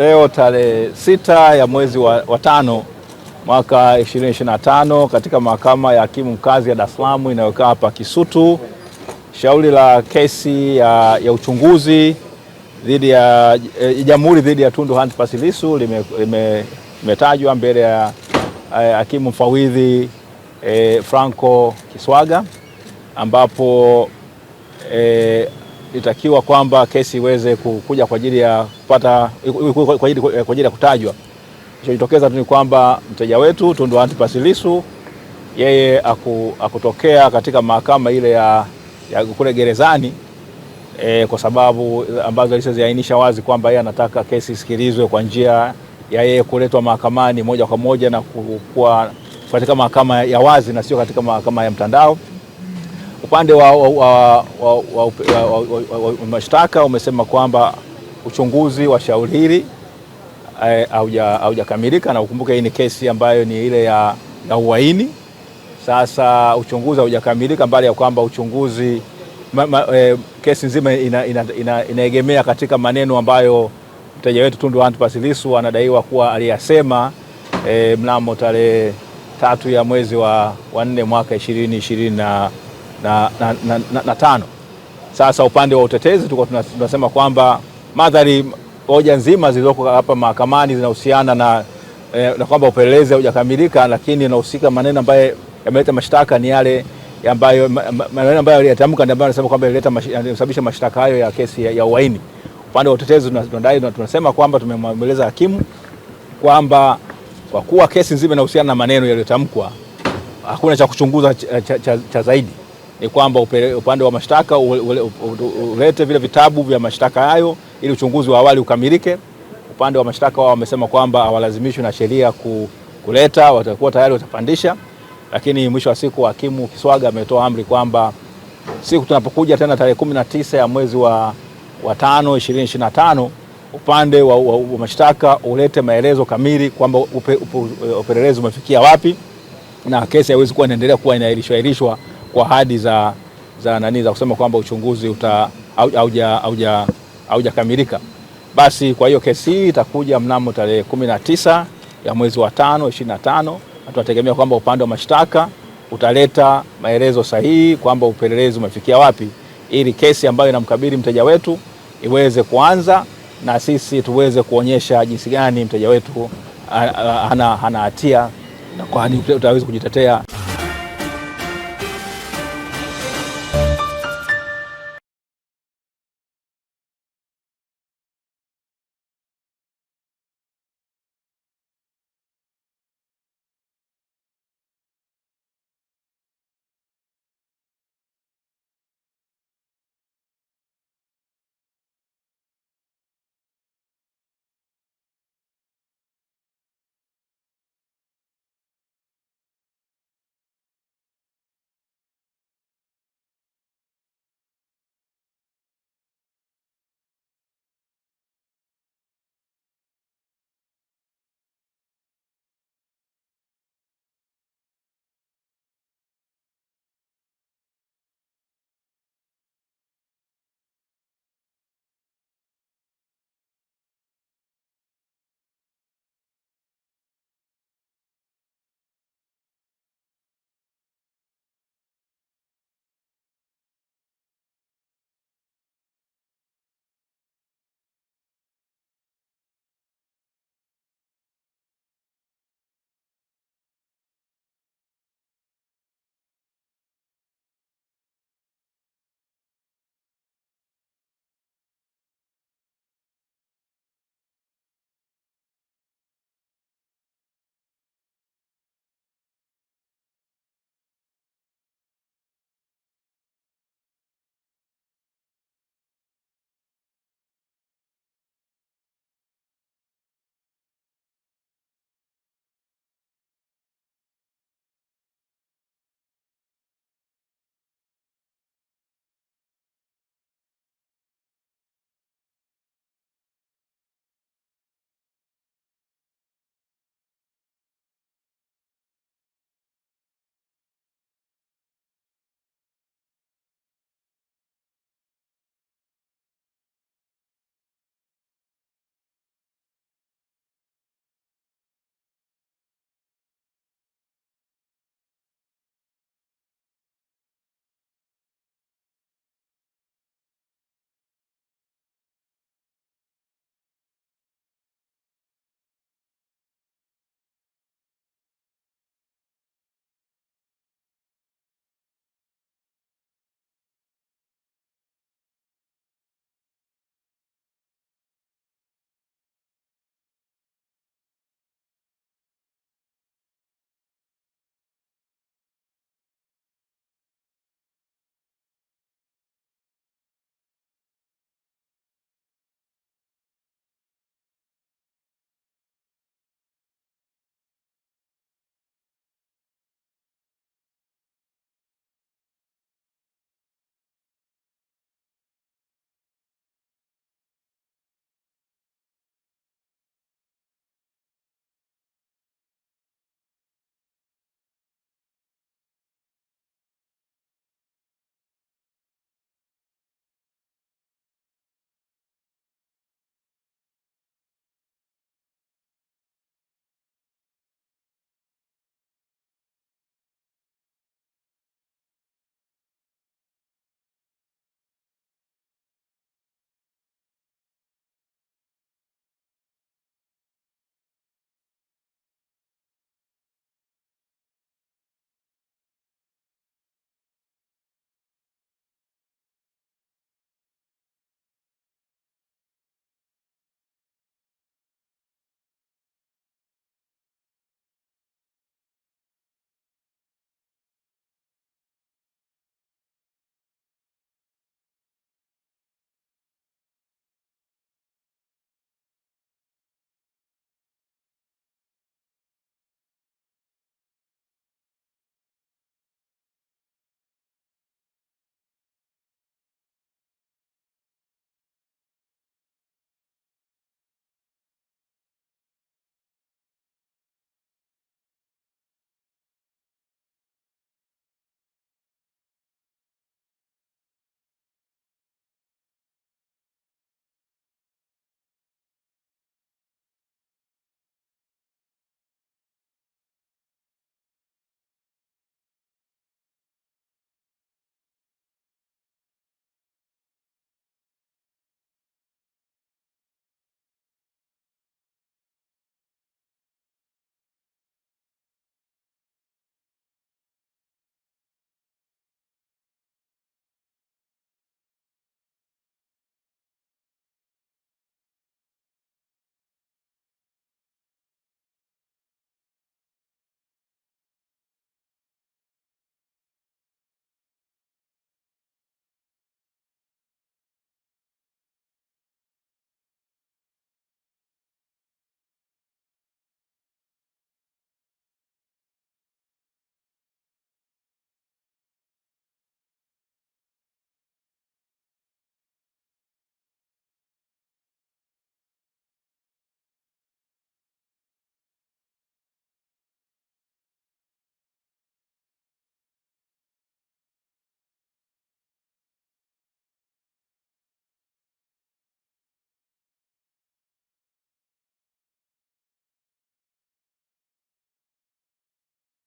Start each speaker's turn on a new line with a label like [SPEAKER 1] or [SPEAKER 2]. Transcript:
[SPEAKER 1] Leo tarehe sita ya mwezi wa, wa tano mwaka 2025 katika mahakama ya hakimu mkazi ya Dar es Salaam inayokaa hapa Kisutu, shauri la kesi ya, ya uchunguzi dhidi ya e, jamhuri dhidi ya Tundu Antipas Lissu limetajwa lime, mbele ya e, hakimu mfawidhi e, Franco Kiswaga ambapo e, itakiwa kwamba kesi iweze kuja kwa ajili ya kupata kwa ajili ya kutajwa. Kilichojitokeza tu ni kwamba mteja wetu Tundu Antipas Lissu yeye aku, akutokea katika mahakama ile ya, ya kule gerezani e, kwa sababu ambazo alizoziainisha wazi kwamba yeye anataka kesi isikilizwe kwa njia ya yeye kuletwa mahakamani moja kwa moja na kuwa katika mahakama ya wazi na sio katika mahakama ya mtandao. Upande wa, wa, wa, wa, wa, wa, wa, wa mashtaka umesema kwamba uchunguzi wa shauri hili haujakamilika, na ukumbuke hii ni kesi ambayo ni ile ya, ya uhaini. Sasa uchunguzi haujakamilika, mbali ya kwamba uchunguzi ma, ma, e, kesi nzima inaegemea ina, ina, ina katika maneno ambayo mteja wetu Tundu Antipas Lissu anadaiwa kuwa aliyasema e, mnamo tarehe tatu ya mwezi wa, wa nne mwaka ishirini ishirini na na, na, na, na, na tano. Sasa upande wa utetezi tuko tunasema kwamba madhari hoja nzima zilizoko hapa mahakamani zinahusiana na, eh, na kwamba upelelezi haujakamilika, lakini inahusika maneno ambayo yameleta mashtaka ni yale ambayo maneno ambayo aliyatamka ndio ambayo anasema kwamba ileta sababisha mashtaka hayo ya kesi ya, ya uhaini. Upande wa utetezi tunadai tunasema kwamba tumemweleza hakimu kwamba kwa kuwa kesi nzima inahusiana na maneno yaliyotamkwa hakuna cha kuchunguza cha, cha, cha, cha zaidi ni kwamba upande wa mashtaka ulete vile vitabu vya mashtaka hayo ili uchunguzi wa awali ukamilike. Upande wa mashtaka wao wamesema kwamba hawalazimishwi na sheria kuleta, watakuwa tayari watapandisha, lakini mwisho wa siku hakimu Kiswaga ametoa amri kwamba siku tunapokuja tena tarehe kumi na tisa ya mwezi wa, wa tano ishirini ishirini na tano upande wa, wa, wa mashtaka ulete maelezo kamili kwamba upelelezi umefikia wapi, na kesi haiwezi kuwa inaendelea kuwa inaahirishwa ahirishwa kwa hadi za, za nani za kusema kwamba uchunguzi uta haujakamilika. Basi kwa hiyo kesi hii itakuja mnamo tarehe kumi na tisa ya mwezi wa tano ishirini na tano na tunategemea kwamba upande wa mashtaka utaleta maelezo sahihi kwamba upelelezi umefikia wapi, ili kesi ambayo inamkabili mteja wetu iweze kuanza na sisi tuweze kuonyesha jinsi gani mteja wetu hana hatia, kwani utaweza kujitetea.